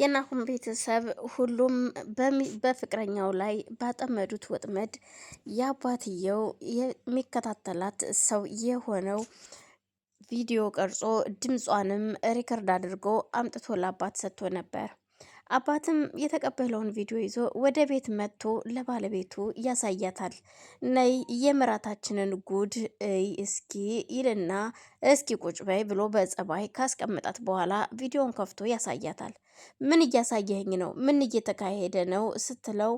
የናሁም ቤተሰብ ሁሉም በፍቅረኛው ላይ ባጠመዱት ወጥመድ የአባትየው የሚከታተላት ሰው የሆነው ቪዲዮ ቀርጾ ድምጿንም ሪከርድ አድርጎ አምጥቶ ለአባት ሰጥቶ ነበር። አባትም የተቀበለውን ቪዲዮ ይዞ ወደ ቤት መጥቶ ለባለቤቱ ያሳያታል። ነይ የምራታችንን ጉድ እይ እስኪ ይልና እስኪ ቁጭ በይ ብሎ በጸባይ ካስቀመጣት በኋላ ቪዲዮን ከፍቶ ያሳያታል። ምን እያሳየኝ ነው? ምን እየተካሄደ ነው ስትለው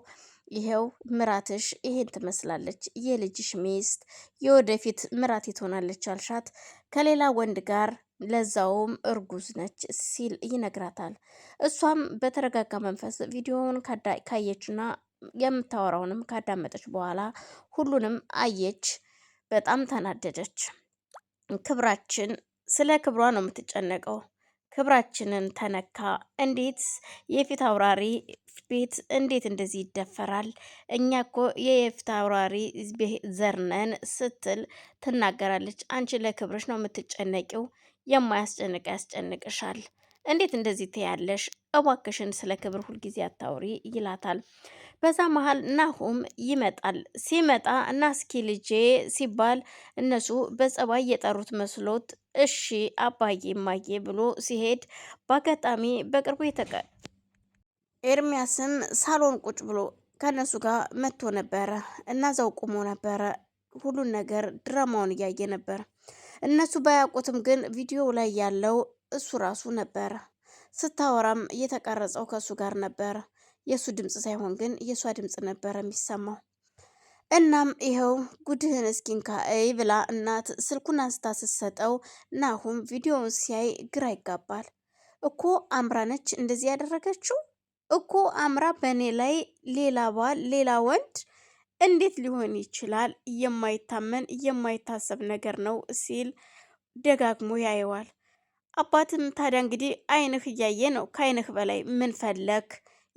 ይኸው ምራትሽ ይሄን ትመስላለች፣ የልጅሽ ሚስት፣ የወደፊት ምራት ትሆናለች አልሻት ከሌላ ወንድ ጋር ለዛውም እርጉዝ ነች ሲል ይነግራታል። እሷም በተረጋጋ መንፈስ ቪዲዮውን ካየችና የምታወራውንም ካዳመጠች በኋላ ሁሉንም አየች። በጣም ተናደደች። ክብራችን ስለ ክብሯ ነው የምትጨነቀው። ክብራችንን ተነካ። እንዴት የፊት አውራሪ ቤት እንዴት እንደዚህ ይደፈራል? እኛ እኮ የፊት አውራሪ ዘርነን ስትል ትናገራለች። አንቺ ለክብርሽ ነው የምትጨነቂው የማያስጨንቅ ያስጨንቅሻል። እንዴት እንደዚህ ትያለሽ? እባክሽን ስለ ክብር ሁልጊዜ አታውሪ ይላታል። በዛ መሀል ናሁም ይመጣል። ሲመጣ እና እስኪ ልጄ ሲባል እነሱ በጸባይ የጠሩት መስሎት እሺ አባዬ ማዬ ብሎ ሲሄድ በአጋጣሚ በቅርቡ የተቀ ኤርሚያስም ሳሎን ቁጭ ብሎ ከእነሱ ጋር መጥቶ ነበረ እና እዛው ቁሞ ነበረ። ሁሉን ነገር ድራማውን እያየ ነበር። እነሱ ባያውቁትም ግን ቪዲዮው ላይ ያለው እሱ ራሱ ነበር። ስታወራም እየተቀረጸው ከእሱ ጋር ነበር። የእሱ ድምፅ ሳይሆን ግን የእሷ ድምፅ ነበር የሚሰማው። እናም ይኸው ጉድህን እስኪንካ እይ ብላ እናት ስልኩን አንስታ ስትሰጠው ናሁም ቪዲዮውን ሲያይ ግራ ይጋባል። እኮ አምራ ነች እንደዚህ ያደረገችው እኮ አምራ በእኔ ላይ ሌላ ባል ሌላ ወንድ እንዴት ሊሆን ይችላል? የማይታመን የማይታሰብ ነገር ነው ሲል ደጋግሞ ያየዋል። አባትም ታዲያ እንግዲህ አይንህ እያየ ነው፣ ከአይንህ በላይ ምን ፈለክ?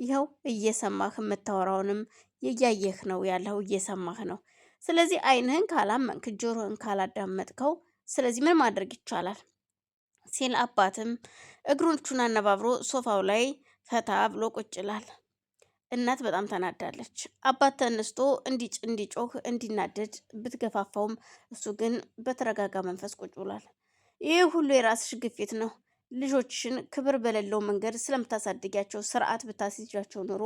ይኸው እየሰማህ የምታወራውንም እያየህ ነው ያለው፣ እየሰማህ ነው። ስለዚህ አይንህን ካላመንክ ጆሮህን ካላዳመጥከው፣ ስለዚህ ምን ማድረግ ይቻላል? ሲል አባትም እግሮቹን አነባብሮ ሶፋው ላይ ፈታ ብሎ ቁጭ ይላል። እናት በጣም ተናዳለች። አባት ተነስቶ እንዲጮህ እንዲናደድ ብትገፋፋውም እሱ ግን በተረጋጋ መንፈስ ቁጭ ብሏል። ይህ ሁሉ የራስሽ ግፊት ነው። ልጆችሽን ክብር በሌለው መንገድ ስለምታሳድጊያቸው ስርዓት ብታስይዣቸው ኑሮ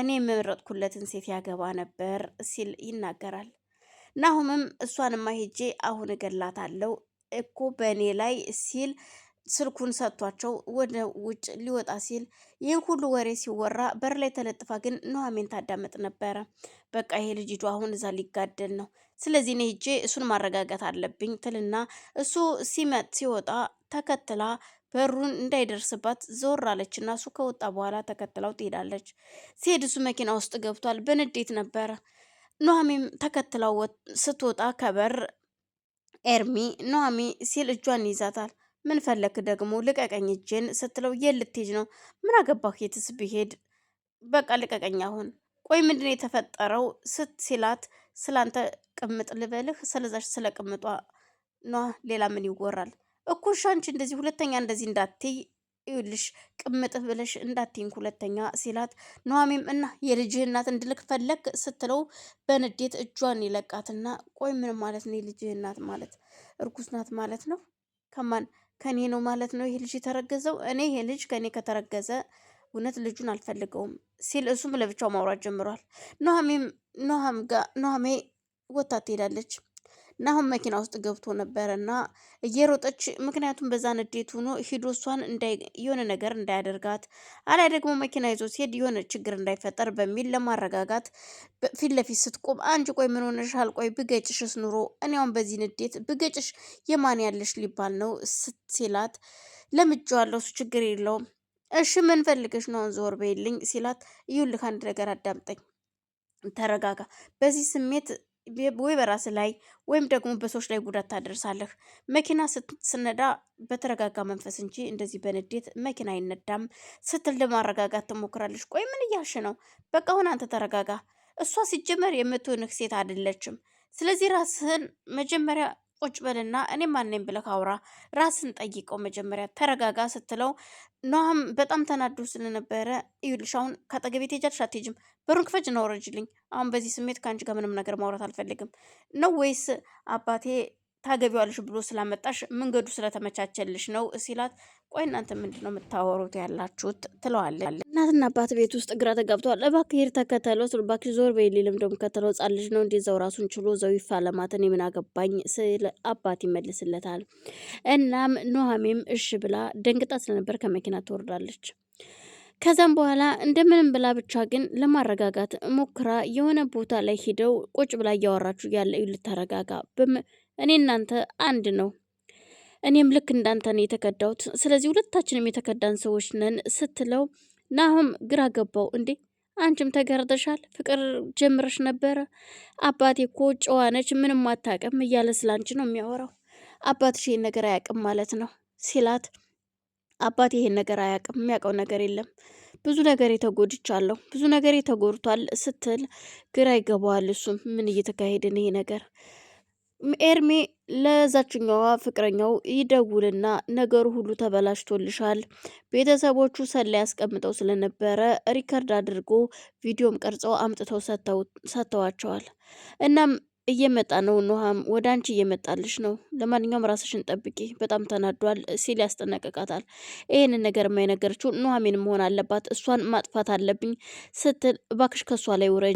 እኔ የመረጥኩለትን ሴት ያገባ ነበር ሲል ይናገራል። ናሁምም እሷንማ ሄጄ አሁን እገላታለሁ እኮ በእኔ ላይ ሲል ስልኩን ሰጥቷቸው ወደ ውጭ ሊወጣ ሲል ይህን ሁሉ ወሬ ሲወራ በር ላይ ተለጥፋ ግን ኑሐሚን ታዳመጥ ነበረ። በቃ ይሄ ልጅ አሁን እዛ ሊጋደል ነው፣ ስለዚህ እኔ ሂጄ እሱን ማረጋጋት አለብኝ ትልና እሱ ሲመጥ ሲወጣ ተከትላ በሩን እንዳይደርስባት ዞር አለችና እሱ ከወጣ በኋላ ተከትላው ትሄዳለች። ሲሄድ እሱ መኪና ውስጥ ገብቷል። በንዴት ነበረ። ኑሐሚን ተከትላው ስትወጣ ከበር ኤርሚ ኑሐሚን ሲል እጇን ይይዛታል። ምን ፈለክ ደግሞ ልቀቀኝ እጄን ስትለው የት ልትሄጂ ነው? ምን አገባህ የትስ ብሄድ በቃ ልቀቀኝ። አሁን ቆይ ምንድን ነው የተፈጠረው? ስት ሲላት ስላንተ ቅምጥ ልበልህ ስለዛች ስለ ቅምጧ ኗ ሌላ ምን ይወራል እኮ እሺ አንቺ እንደዚህ ሁለተኛ እንደዚህ እንዳትይ ይኸውልሽ ቅምጥህ ብለሽ እንዳትይኝ ሁለተኛ ሲላት ኑሐሚንም እና የልጅህ እናት እንድልክ ፈለግ ስትለው በንዴት እጇን ይለቃትና ቆይ ምን ማለት ነው የልጅህ እናት ማለት እርጉዝ ናት ማለት ነው ከማን ከኔ ነው ማለት ነው ይሄ ልጅ የተረገዘው። እኔ ይሄ ልጅ ከኔ ከተረገዘ እውነት ልጁን አልፈልገውም ሲል እሱም ለብቻው ማውራት ጀምሯል። ኖሀሜ ጋር ኖሀሜ ወታ ትሄዳለች። እና መኪና ውስጥ ገብቶ ነበረ እና እየሮጠች ምክንያቱም በዛ ንዴት ሆኖ ሂዶ እሷን የሆነ ነገር እንዳያደርጋት አላይ ደግሞ መኪና ይዞ ሲሄድ የሆነ ችግር እንዳይፈጠር በሚል ለማረጋጋት ፊት ለፊት ስትቆም አንቺ ቆይ ምን ሆነሻል? ቆይ ብገጭሽስ ኑሮ እኔ በዚህ ንዴት ብገጭሽ የማን ያለሽ ሊባል ነው ስትላት ለምጄዋለሁ፣ እሱ ችግር የለውም እሺ ምን ፈልገሽ ነው? አሁን ዞር በይልኝ ሲላት፣ ይኸውልህ አንድ ነገር አዳምጠኝ፣ ተረጋጋ። በዚህ ስሜት ወይ በራስ ላይ ወይም ደግሞ በሰዎች ላይ ጉዳት ታደርሳለህ። መኪና ስነዳ በተረጋጋ መንፈስ እንጂ እንደዚህ በንዴት መኪና አይነዳም ስትል ለማረጋጋት ትሞክራለች። ቆይ ምን እያልሽ ነው? በቃ አሁን አንተ ተረጋጋ። እሷ ሲጀመር የምትሆንህ ሴት አይደለችም። ስለዚህ ራስህን መጀመሪያ ቁጭ በልና እኔ ማነኝ ብለህ አውራ፣ ራስን ጠይቀው መጀመሪያ ተረጋጋ ስትለው ኖሃም በጣም ተናዶ ስለነበረ ይኸውልሽ አሁን ከአጠገቤ ትሄጃለሽ አትሄጂም? በሩን ክፈች ነው ወረጅልኝ። አሁን በዚህ ስሜት ከአንቺ ጋር ምንም ነገር ማውራት አልፈልግም ነው ወይስ አባቴ ታገቢዋለሽ ብሎ ስላመጣሽ መንገዱ ስለተመቻቸልሽ ነው ሲላት፣ ቆይ እናንተ ምንድን ነው የምታወሩት ያላችሁት? ትለዋለ። እናትና አባት ቤት ውስጥ እግራ ተጋብተዋል። እባክህ ሂድ ተከተለው፣ እባክሽ ዞር በይ ሌልም ደሞ ከተለው ጻልሽ ነው እንዴ ዘው ራሱን ችሎ ዘው ይፋለማትን የምን አገባኝ ስለ አባት ይመልስለታል። እናም ኑሐሚም እሺ ብላ ደንግጣ ስለነበር ከመኪና ትወርዳለች። ከዛም በኋላ እንደምንም ብላ ብቻ ግን ለማረጋጋት ሞክራ የሆነ ቦታ ላይ ሂደው ቁጭ ብላ እያወራችሁ ያለ ልታረጋጋ እኔ እናንተ አንድ ነው። እኔም ልክ እንዳንተ ነው የተከዳሁት። ስለዚህ ሁለታችንም የተከዳን ሰዎች ነን ስትለው ናሁም ግራ ገባው። እንዴ አንቺም ተገርደሻል? ፍቅር ጀምረሽ ነበረ? አባቴ እኮ ጨዋነች ምንም አታውቅም እያለ ስላንቺ ነው የሚያወራው። አባትሽ ይሄን ነገር አያውቅም ማለት ነው ሲላት፣ አባቴ ይሄን ነገር አያውቅም የሚያውቀው ነገር የለም ብዙ ነገር የተጎድቻለሁ፣ ብዙ ነገር የተጎድቷል ስትል ግራ ይገባዋል። እሱም ምን እየተካሄደ ይሄ ነገር ኤርሜ ለዛችኛዋ ፍቅረኛው ይደውልና ነገሩ ሁሉ ተበላሽቶልሻል፣ ቤተሰቦቹ ሰላይ ያስቀምጠው ስለነበረ ሪከርድ አድርጎ ቪዲዮም ቀርጸው አምጥተው ሰጥተዋቸዋል። እናም እየመጣ ነው፣ ኑሃም ወደ አንቺ እየመጣልሽ ነው፣ ለማንኛውም ራስሽን ጠብቂ፣ በጣም ተናዷል ሲል ያስጠነቀቃታል። ይህንን ነገር የማይነገረችው ኖሃሜን መሆን አለባት፣ እሷን ማጥፋት አለብኝ ስትል እባክሽ ከእሷ ላይ ውረጅ